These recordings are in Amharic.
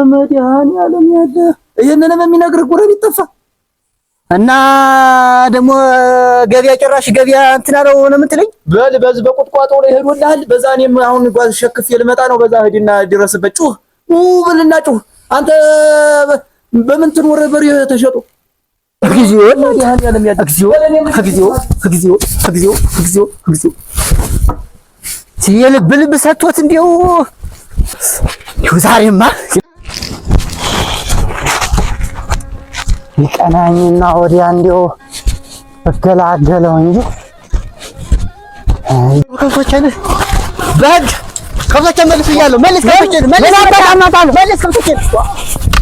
የመድኃኒዓለም ያለ ይሄንንም የሚነግርህ ጎረቤት ጠፋ እና ደግሞ ገበያ ጭራሽ ገበያ እንትን አለው ነው የምትለኝ? በል በዝ በቁጥቋጦ ላይ ሄዶልሃል። በዛ እኔም አሁን ጓዝ ሸክፌ ልመጣ ነው። በዛ ሂድና ድረስበት፣ ጩህ ብልና ጩህ። አንተ በምን ትኖር በሬ ተሸጡ እግዚኦ እግዚኦ እግዚኦ እግዚኦ እግዚኦ እግዚኦ እግዚኦ የልብ ልብ ሰጥቶት እንዲያው ዛሬማ ይቀናኝና ወዲያ እንዲሁ እገላገለው እንጂ ከብቶችን በህግ ከብቶችን መልስ እያለሁ መልስ ከብቶችን መልስ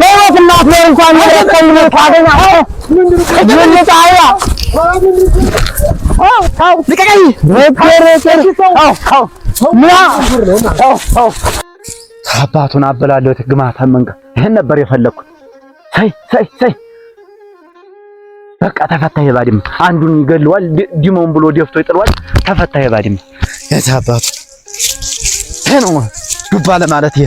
በሕይወት እናት ላይ እንኳን አባቱን አበላለሁ። ግማታ መንገ ይሄን ነበር የፈለኩት። ሰይ ሰይ ሰይ በቃ ተፈታ። የባድም አንዱን ይገልዋል፣ ዲሞን ብሎ ደፍቶ ይጥሏል። ተፈታ። የባድም የት ይሄ ነው ዱባ ለማለት ይሄ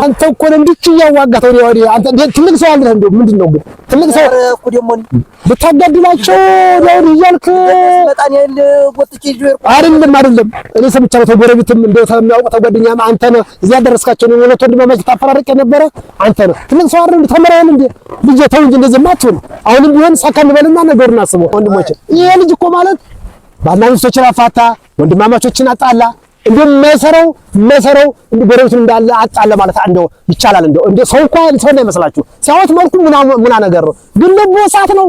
አንተ እኮ ነው እንዲህ እያዋጋህ ትልቅ ሰው አለህ። እንደው ምንድን ነው ግን ትልቅ ሰው ብታጋድላቸው ወዲህ እያልክ አይደለም አይደለም። እኔ ሰምቻለሁ። ተው ጎረቤትም እንደው የሚያውቁ ተው ጓደኛም አንተ ነህ እዚህ ያደረስካቸው ነው። ሁለት ወንድማማች ታፈራርቅ የነበረ አንተ ነህ። ትልቅ ሰው አይደለም። ተመራየን እንደ ልጄ ተው እንጂ እንደዚህማ አትሆን። አሁንም ቢሆን ሳካ እንበልና ነገሩን አስበው ወንድሞቼ። ይሄ ልጅ እኮ ማለት ባልና ሚስቶችን አፋታ ወንድማማቾችን አጣላ እንዴ መሰረው መሰረው እንዴ ጎረቤቱን እንዳለ አጣለ ማለት እንደው ይቻላል። እንደው ሰው እንኳን ሰው እንዳይመስላችሁ ሲያወት መልኩ ምና ምና ነገር ግን ልቡ እሳት ነው።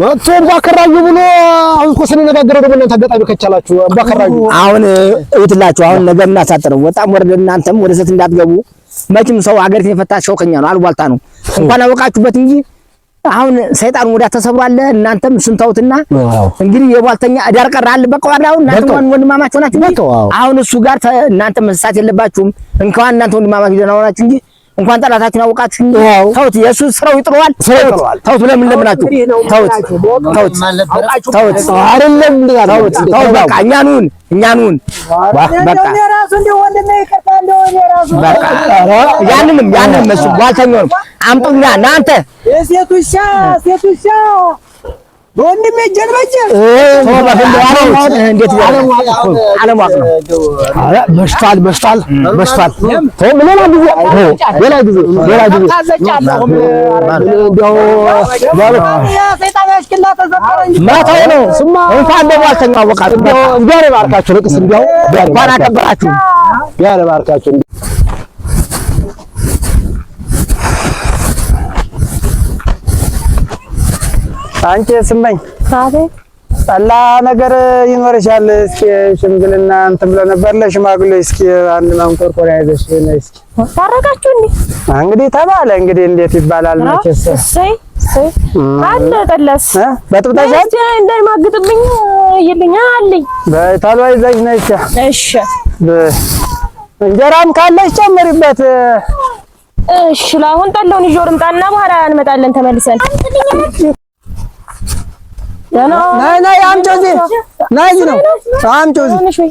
መቶ እባከራዩ ብሎ አሁን እኮ ስንነጋገረው ደግሞ እናንተ አጋጣሚ ከቻላችሁ እባከራዩ አሁን እውትላችሁ አሁን ነገ የምናሳጥረው ወጣም ወረደ እናንተም ወደ ሰት እንዳትገቡ። መቼም ሰው ሀገሪቱን የፈታ ሸውከኛ ነው፣ አሉባልታ ነው። እንኳን አወቃችሁበት እንጂ አሁን ሰይጣን ወዲያ ተሰብሯል። እናንተም ስንታውትና እንግዲህ የቧልተኛ ዳር ቀር በቃ ዋራው እናንተ ወንድማማችሁ ናችሁ። አሁን እሱ ጋር እናንተም መሳሳት የለባችሁም። እንኳን እናንተ ወንድማማችሁ ደህና ሆናችሁ እንጂ እንኳን ጠላታችን አውቃችሁ ተውት። የእሱ ስራው ይጥለዋል። ተውት ብለን የምንለምናችሁ ተውት፣ ተውት፣ ተውት፣ አይደለም ተውት፣ ተውት። በቃ እኛኑን እኛኑን በቃ ያንንም ያንንም እሱ ጓልተኛውንም አምጡና እናንተ በወንድሜ እጄን መሽቷል መሽቷል መሽቷል። ሌላ ጊዜ ሌላ ጊዜ ሌላ ጊዜ ነው። እንኳን ደግሞ ልቅስ እንዲያው እንኳን አከበራችሁ አንቺ ስመኝ ጠላ ነገር ይኖርሻል። እስኪ ሽምግልና እንትን ብሎ ነበር ለሽማግሌ እስኪ አንድ ማንቆርቆሪያ ይዘሽ ነይ እስኪ። ታረቃችሁ እንዴ? እንግዲህ ተባለ እንግዲህ እንዴት ይባላል መቼስ። እሰይ እሰይ አለ ጠላስ በጥብጣሽ አንቺ እንዳይማግጥብኝ ይልኛ አለኝ። በታሏ ይዘሽ ነይ እስኪ። እሺ እንጀራም ካለሽ ጨምሪበት። እሺ ለአሁን ጠላውን ይዤ ልምጣና በኋላ እንመጣለን ተመልሰን ናይ ናይ አምጪው እዚህ ናይ እዚህ ነው አምጪው እዚህ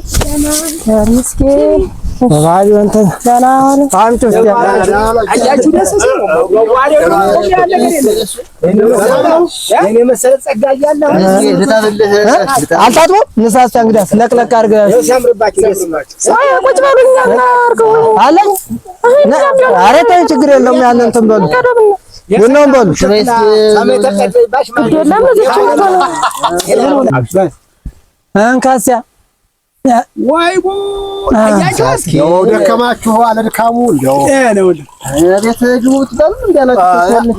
ለቅለቅ አድርገህ አለኝ። ኧረ ተይ ችግር የለውም ያንን እንትን በሉ የናም ባሉ እንካስያ ወይ ደከማችሁ አለ ድካሙ እንደው ቤት ግቡ ትበሉ እንዲያላችሁ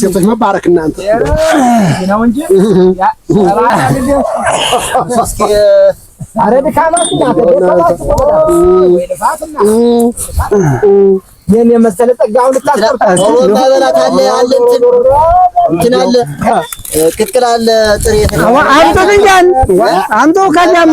ሴቶች መባረክ እናንተ ነው እንጂ ኧረ ድካማችሁ የመሰለ ጸጋውን ቅጥቅል አለ ጥሬ አምጡልኛል አምጡ ከዚያም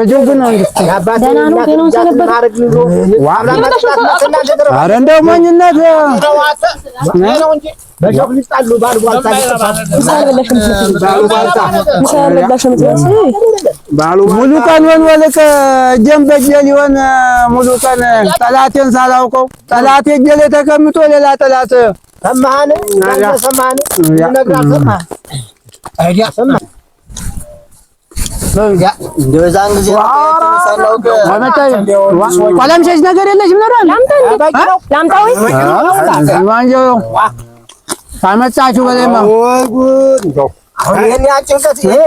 ኧረ እንደው ሞኝነት ሙሉ ቀን ወን ወልቅ እጄን በእጄ ሊሆን ሙሉ ቀን ጠላቴን ሳላውቀው ጠላቴ እጄ ላይ ተቀምጦ ሌላ ጠላት ሰማህን ሰማህን ቆለምሸሽ ነገር የለሽም። ታመጣችሁ በላይማ ይሄን ያጭንቀት ቆይ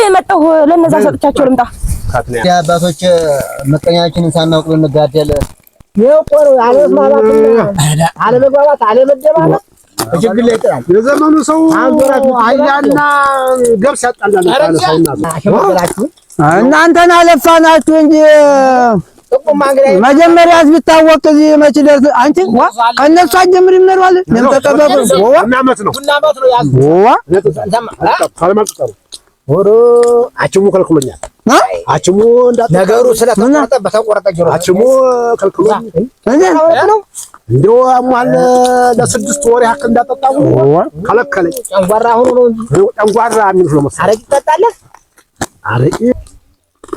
የመጣሁ ለእነዛ ሰጥቻቸው ልምጣ የአባቶች መቀኛችንን ሳናውቅ ብንጋደል አለመግባባት አለመግባባት ላይ ይጥላል። የዘመኑ ሰው ገብስ ያጣላል። እናንተን አለፋናችሁ እንጂ መጀመሪያ ቢታወቅ እዚህ መች አንቺ አጀምር ይመሯል ወሮ አችሙ ከልክሎኛል። አችሙ ነገሩ ስለተቆረጠ በተቆረጠ ጆሮ አችሙ ከልክሎኛል። እንደው አሟል ለስድስት ወር ያክል እንዳጠጣሁ ከለከለኝ። ጨንጓራ ሆኖ ነው ጨንጓራ የሚሉት ነው መሰለኝ። አረቂ ትጠጣለህ? አረቂ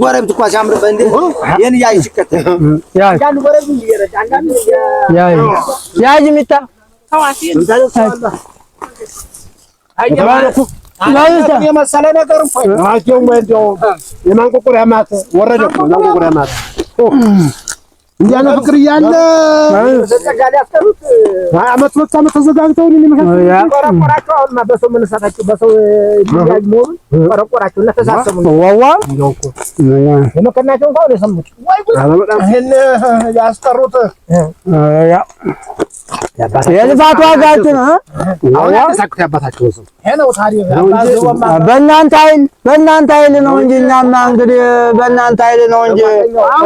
ጎረቤት እኮ ሲያምርበት እንደ ይሄን እያየች ይከተል ነገር እንዲያ ፍቅር እያለ አመት ሁለት አመት ተዘጋግተው ቆረቆራቸው። በሰው መነሳታቸው በሰው ይያይ ሞሩ ቆረቆራቸው እና ተሳሰሙ የመከናቸው እንኳን የሰሙት ይሄን ያስቀሩት ያ የልፋት አሁን ያሳኩት ያባታቸው ነው በእናንተ ኃይል በእናንተ ኃይል ነው እንጂ እኛማ እንግዲህ በእናንተ ኃይል ነው እንጂ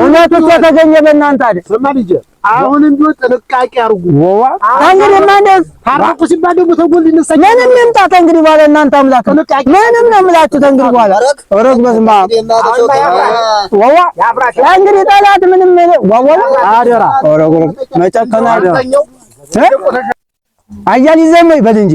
እውነቱ ተገኘ በእናንተ ታዲያ ስማ ልጄ፣ አሁንም ቢሆን ጥንቃቄ አድርጉ። እንግዲህ ማነስ ታረቁ ሲባል ደግሞ ተጎል ይነሳ ምንም ይምጣ። እንግዲህ በኋላ እናንተ አምላክ ምንም ነው የምላችሁ። እንግዲህ በኋላ ወረግ በስማ ወዋ እንግዲህ ጠላት ምንም አደራ ወረግ ወረግ መጨከና አደራ አያል ይዘመይ በል እንጂ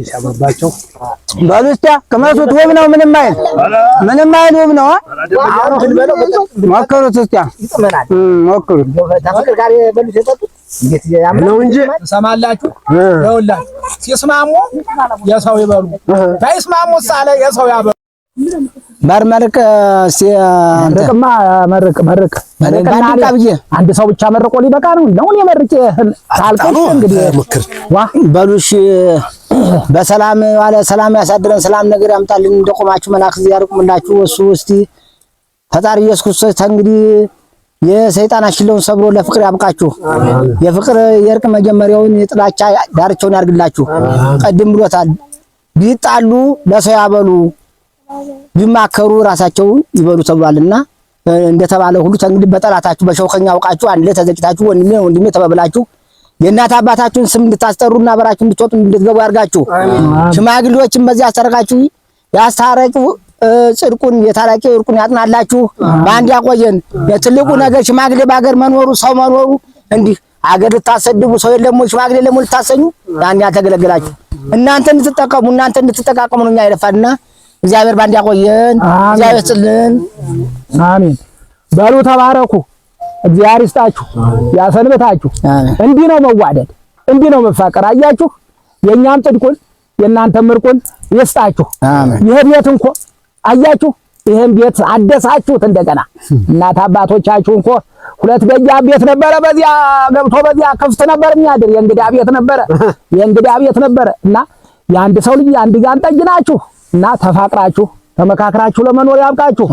ይሻባቸው በሉ እስኪ ቅመሱት። ውብ ነው፣ ምንም አይል ምንም አይል ውብ ነው። ሞክሩት እስኪ ሞክሩት ነው እንጂ ሰማላችሁ። ይኸውላችሁ ሲስማሙ የሰው ይበሉ፣ ባይስማሙ ሳለ የሰው ያበሉ። ባር መርቅ መርቅማ መርቅ መርቅ አንድ ሰው ብቻ መርቆ ሊበቃ ነው ነው። እኔ መርቄ ታልቀሽ እንግዲህ ምክር ዋ በሉሽ። በሰላም ዋለ ሰላም ያሳድረን፣ ሰላም ነገር ያምጣልን። እንደቆማችሁ መላክ ያርቁምላችሁ። እሱ እስቲ ፈጣሪ ኢየሱስ ክርስቶስ ተንግዲህ የሰይጣን አሽለውን ሰብሮ ለፍቅር ያብቃችሁ። የፍቅር የእርቅ መጀመሪያውን የጥላቻ ዳርቻውን ያርግላችሁ። ቀድም ብሎታል ቢጣሉ ለሰው ያበሉ ቢማከሩ ራሳቸው ይበሉ ተብሏልና እንደተባለ ሁሉ እንግዲህ በጠላታችሁ በሸውከኛ አውቃችሁ አንድ ላይ ተዘቂታችሁ ወንድሜ ወንድሜ ተባብላችሁ የእናት አባታችሁን ስም እንድታስጠሩና በራችሁ እንድትወጡ እንድትገቡ ያርጋችሁ። ሽማግሌዎችን በዚህ አስታረቃችሁ ያስታረቁ ጽድቁን የታራቂ እርቁን ያጥናላችሁ። በአንድ ያቆየን። የትልቁ ነገር ሽማግሌ በሀገር መኖሩ ሰው መኖሩ እንዲህ አገር ልታሰድቡ ሰው የለም ሽማግሌ ለሞ ልታሰኙ ያን ያልተገለገላችሁ እናንተ እንድትጠቀሙ እናንተ እንድትጠቃቀሙ ነው እኛ እግዚአብሔር ባንድ ያቆየን። እግዚአብሔር ጽልን። አሜን በሉ ተባረኩ። እግዚአብሔር ይስጣችሁ፣ ያሰንበታችሁ። እንዲህ ነው መዋደድ፣ እንዲህ ነው መፋቀር። አያችሁ የእኛም ጥድቁን የእናንተ ምርቁን ይስጣችሁ። ይሄ ቤት እንኮ አያችሁ ይሄን ቤት አደሳችሁት። እንደገና እናት አባቶቻችሁ እንኮ ሁለት በጃ ቤት ነበረ፣ በዚያ ገብቶ በዚያ ክፍት ነበር የሚያድር የእንግዳ ቤት ነበረ፣ የእንግዳ ቤት ነበረ እና የአንድ ሰው ልጅ አንድ ጋን ጠጅ ናችሁ። እና ተፋቅራችሁ ተመካክራችሁ ለመኖር ያብቃችሁ።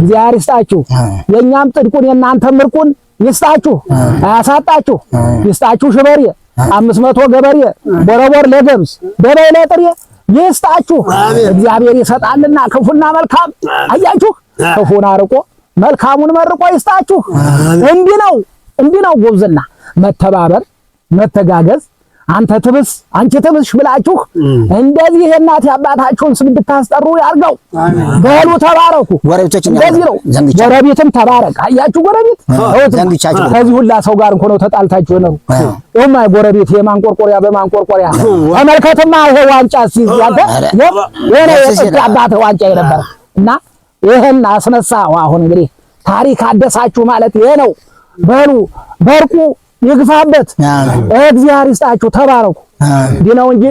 እግዚአብሔር ይስጣችሁ። የእኛም ጥድቁን የእናንተም ምርቁን ይስጣችሁ፣ አያሳጣችሁ። ይስጣችሁ ሽበሬ አምስት መቶ ገበሬ ቦረቦር ለገብስ በበይ ለጥሬ ይስጣችሁ። እግዚአብሔር ይሰጣልና ክፉና መልካም አያችሁ። ክፉን አርቆ መልካሙን መርቆ ይስጣችሁ። እንዲህ ነው እንዲህ ነው ጉብዝና መተባበር፣ መተጋገዝ አንተ ትብስ አንቺ ትብስሽ ብላችሁ እንደዚህ እናት አባታችሁን ስም እንድታስጠሩ ያርገው። በሉ ተባረኩ። ጎረቤቶችን እንደዚህ ነው። ጎረቤትም ተባረክ። አያችሁ ጎረቤት ከዚህ ሁላ ሰው ጋር ሆነው ተጣልታችሁ ነው። ኦማ ጎረቤት የማንቆርቆሪያ በማንቆርቆሪያ ተመልከትማ፣ ይሄ ዋንጫ ሲይዝ ያንተ የኔ አባት ዋንጫ የነበረ እና ይሄን አስነሳው። አሁን እንግዲህ ታሪክ አደሳችሁ ማለት ይሄ ነው። በሉ በርቁ ይግፋበት። እግዚአብሔር ይስጣችሁ፣ ተባረኩ። ዲና እንጂ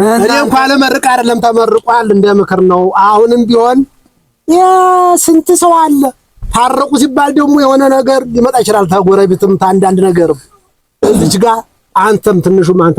እኔ እንኳን ለመርቅ አይደለም ተመርቋል፣ እንደ ምክር ነው። አሁንም ቢሆን ስንት ሰው አለ ታረቁ ሲባል ደግሞ የሆነ ነገር ሊመጣ ይችላል፣ ተጎረቤትም ታንዳንድ ነገርም እዚች ጋር አንተም ትንሹም አንተ